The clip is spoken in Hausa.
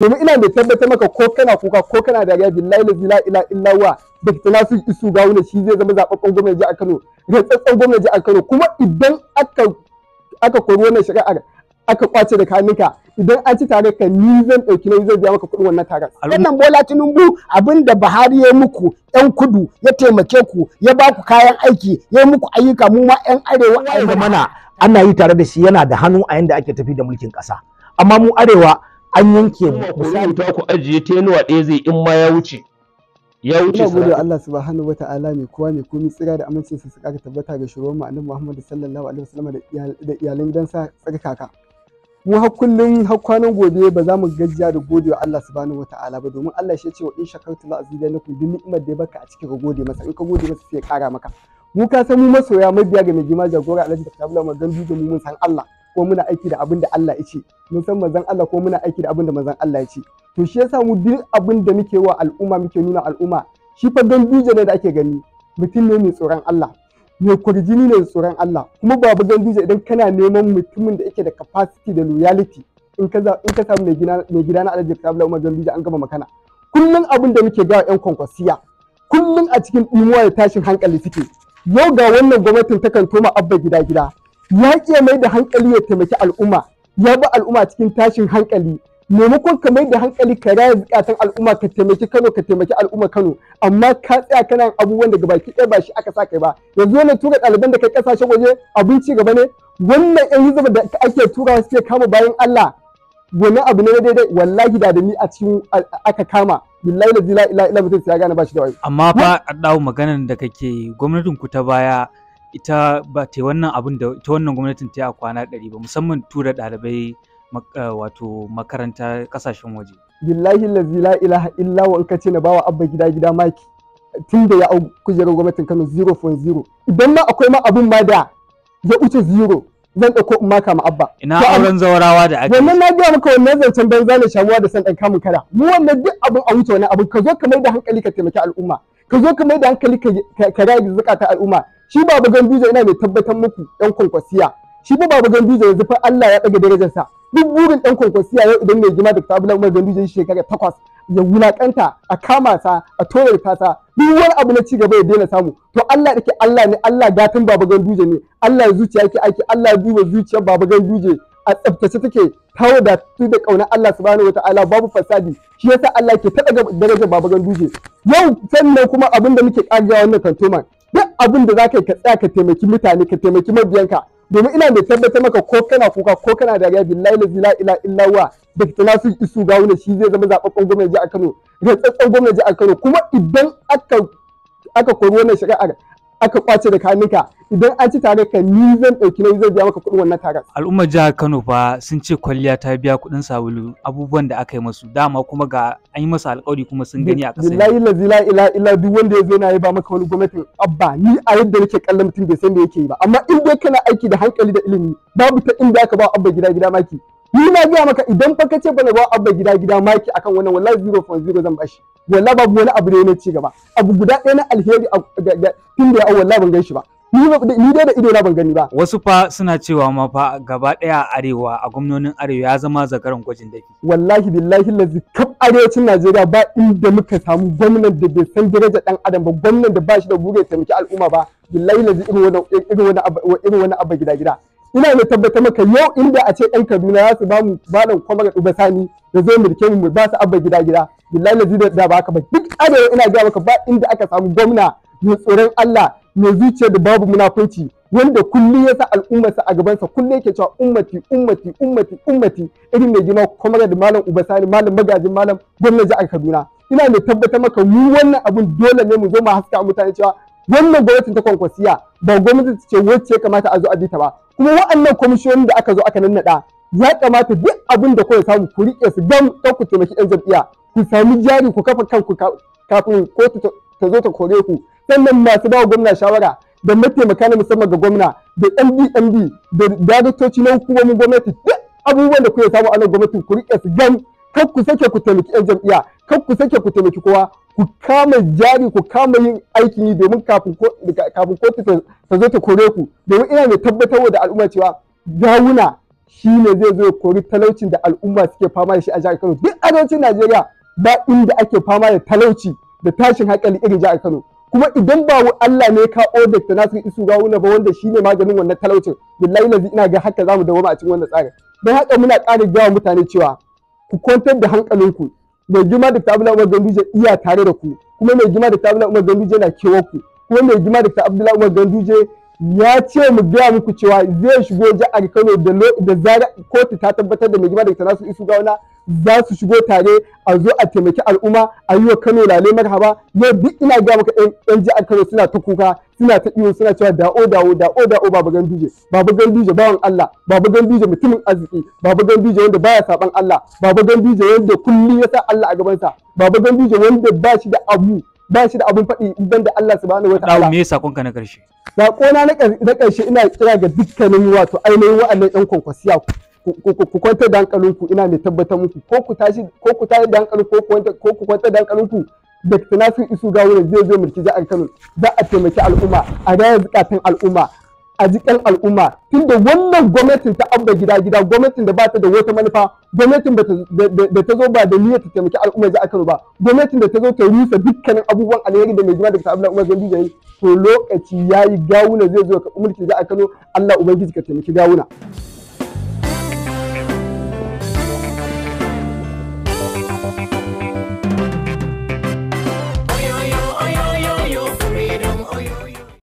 domin ina mai tabbatar maka ko kana kuka ko kana dariya billahi la ila illa wa, da talasu isu gawuna shi zai zama zababben gwamnati a Kano rantsatsen gwamnati a Kano kuma idan aka aka kori wannan shari'ar aka kwace da kanika idan an ci tare ka ni zan ɗauki nauyi zai biya maka kuɗin wannan taron. Wannan Bola Tinubu abin da Buhari ya muku ‘yan kudu ya taimake ku ya ba ku kayan aiki ya muku ayyuka mu ma ‘yan arewa. Ai mana ana yi tare da shi yana da hannu a yanda ake tafi da mulkin ƙasa. Amma mu arewa an yanke mu misali ta ku ajiye tenuwa ɗaya zai in ma ya wuce ya wuce ina gode Allah subhanahu wataala ne kowa ne komai tsira da amince su su kara tabbata ga shugaban mu annabi Muhammad sallallahu alaihi wasallam da iyalan gidansa tsarkaka mu har kullun har kwanan gobe ba za mu gajiya da gode wa Allah subhanahu wataala ba domin Allah shi ya ce wa in shakartu la azidannakum bi ni'mar da ya baka a cikin gode masa in ka gode masa sai ya kara maka mu ka san mu masoya mabiya ga mai gima jagora Alhaji Abdullahi Magandu da mu mun san Allah ko muna aiki da abin da Allah ya ce mun san Allah ko muna aiki da abin da manzon Allah ya ce to shi yasa mu duk abin da muke wa al'umma muke nuna al'umma shi fa duje ne da ake gani mutum ne mai tsoron Allah mai kwarjini ne tsoron Allah kuma babu duje idan kana neman mutumin da yake da capacity da loyalty in ka in ka samu mai gida mai gida na Alhaji Kabla Umar an gama makana kullun abin da muke ga yan kwankwasiya kullun a cikin dimuwa da tashin hankali suke yau ga wannan gwamnatin ta kan toma abba gida gida ya ke mai da hankali ya taimaki al'umma ya ba al'umma cikin tashin hankali maimakon ka mai da hankali ka raya bukatan al'umma ka taimaki kano ka taimaki al'umma kano amma ka tsaya kana abubuwan da baki ɗaya ba shi aka sa kai ba yanzu wannan tura ɗaliban da kai ƙasashen waje abinci gaba ne wannan yan hizaba da ake tura ke kama bayan Allah wani abu ne daidai wallahi da dani a cikin aka kama billahi la ilaha illa mutum ya gane ba shi da wai amma fa a dawo maganar da kake gwamnatin ku ta baya ita ba ta wannan abin da ita wannan gwamnatin ta yi a kwana ɗari ba musamman tura ɗalibai eh, wato makaranta ƙasashen waje. Billahi lazi la ilaha illa wa ka ce na bawa abba gida gida maki tun da ya au kujerar gwamnatin Kano 0.0 idan ma akwai ma abin ma da ya wuce zero zan ɗauko in maka ma abba. Ina auren zaurawa da ake. Wannan na gaya maka wannan zancen banza ne shamuwa da san ɗan kamun kada mu wannan duk abin a wuce wani abin ka zo ka mai da hankali ka taimaki al'umma. ka zo ka mai da hankali ka rage zakata al'umma shi baba ganduja ina mai tabbatar muku ɗan kwankwasiya shi ba baba ganduja yanzu fa Allah ya daga sa duk burin dan kwankwasiya yau idan mai jima da tabula umar gambiza shi shekara takwas ya wulakanta a kama sa a tore sa duk wani abu na cigaba ya daina samu to Allah dake Allah ne Allah gatan baba ganduje ne Allah zuciya yake aiki Allah duba zuciyar baba ganduje a tsaftace take da su da ƙauna Allah subhanahu wa ta'ala babu fasadi shi yasa Allah ke ta daraja baba ganduje yau sannan kuma abin da muke kagewa wannan tantoma duk abin da zaka yi ka tsaya ka taimaki mutane ka taimaki mabiyanka domin ina mai tabbatar maka ko kana kuka ko kana dariya billahi la ilaha illa huwa da su isu gawuna shi zai zama zababben gwamnati a Kano zai tsatsan gwamnati a Kano kuma idan aka aka kori wannan shari'a aka kwace da kanika idan an ci tare ka ni zan ɗauki nauyi zan biya maka kuɗin wannan taron. Al'ummar jihar Kano fa sun ce kwalliya ta biya kuɗin sabulu abubuwan da aka yi masu dama kuma ga an yi masa alƙawari kuma sun gani a ƙasa. Billahi la ila ila duk wanda ya zo na yi ba maka wani gwamnatin abba ni a yadda nake kallon mutum bai san me yake yi ba amma in dai kana aiki da hankali da ilimi babu ta inda aka ba abba gida gida maki. Ni na gaya maka idan fa ka ce bana ba abba gida gida maki akan wannan wallahi 0.0 zan bashi. wallahi babu wani abu ne na ci gaba abu guda ɗaya na alheri da tun da ya wala ban gan ba ni dai da ido na ban gani ba wasu fa suna cewa ma fa gaba ɗaya a arewa a gwamnonin arewa ya zama zakaran gwajin dafi wallahi billahi lazi kaf arewacin Najeriya ba inda muka samu gwamnan da bai san daraja dan adam ba gwamnan da ba shi da gugu ya taimaki al'umma ba billahi lazi irin wani abu gida gida ina ne tabbata maka yau in da a ce ɗan Kaduna ya su ba mu malam kwamar Uba Sani da zai mulke mu ba su abba gida gida billahi lazi da ba haka ba duk adawa ina gaya maka ba inda aka samu gwamna mai tsoron Allah mai zuciya da babu munafunci wanda kullum ya sa al'ummarsa a gabansa kullum yake cewa ummati ummati ummati ummati irin mai gina kwamar da malam Uba Sani malam magajin malam gwamnati a Kaduna ina mai tabbata maka mu wannan abun dole ne mu zo mu haska mutane cewa wannan gwamnatin ta kwankwasiya ba gwamnati ce wacce kamata a zo a bi ta ba kuma wa'annan kwamishiyoyin da aka zo aka nannaɗa ya kamata duk abin da kawai samu ku riƙe su don don ku taimaki ɗan jam'iyya ku sami jari ku kafa kanku kafin kotu ta zo ta kore ku sannan masu bawa gwamna shawara da mataimaka na musamman ga gwamna da md da dadatoci na hukumomin gwamnati duk abubuwan da kuke samu a nan gwamnati ku riƙe su don kar ku sake ku taimaki yan jam'iyya kar ku sake ku taimaki kowa ku kama jari ku kama yin aikin yi domin kafin kotu ta zo ta kore ku domin ina mai tabbatar da al'umma cewa gawuna shi ne zai zo kori talaucin da al'umma suke fama da shi a jihar Kano duk arewacin Najeriya ba inda ake fama da talauci da tashin hankali irin jihar Kano kuma idan ba Allah ne ka odar ta Nasir Isu Gawuna ba wanda shine maganin wannan talaucin billahi lazi ina ga haka zamu dawoma a cikin wannan tsarin dan haka muna ƙara gawa mutane cewa ku kwantar da hankalinku mai girma da tabula umar ganduje iya tare da ku kuma mai girma da tabula umar ganduje na kewar ku kuma mai girma da tabula umar ganduje ya ce mu biya muku cewa zai shigo jihar Kano da zarar kotu ta tabbatar da mai da da nasu isu gauna za su shigo tare a zo a taimaki al'umma a yi wa Kano lale marhaba yau duk ina gaya maka yan jihar Kano suna ta kuka suna ta iyo suna cewa da'o da'o da'o da'o baba ganduje baba ganduje bawan Allah baba ganduje mutumin arziki baba ganduje wanda baya saban Allah baba ganduje wanda kulli ya sa Allah a gabansa baba ganduje wanda ba shi da abu ba shi da abun faɗi idan da Allah subhanahu wataala. Dawo me sakonka na ƙarshe? Saƙona na ƙarshe ina kira ga dukkanin wato ainihin wa'annan 'yan kwankwasiya ku kwantar da hankalinku ina mai tabbatar muku ko ku tashi ko ku tashi da hankalinku ko ku kwantar da hankalinku Dr. Nasir Isu Gawure zai zo mulki jihar Kano za a taimaki al'umma a raya zukatan al'umma a jikin al'umma tunda wannan gwamnatin ta abba gida gida gwamnatin da ba ta da wata manufa gwamnatin da ta zo ba da niyyar ta taimaki al'umma za aka ba gwamnatin da ta zo ta rusa dukkanin abubuwan alheri da mai jima daga abdullahi umar zai yi to lokaci ya yi gawuna zai zo ka mulki za a kano Allah ubangiji ka taimaki gawuna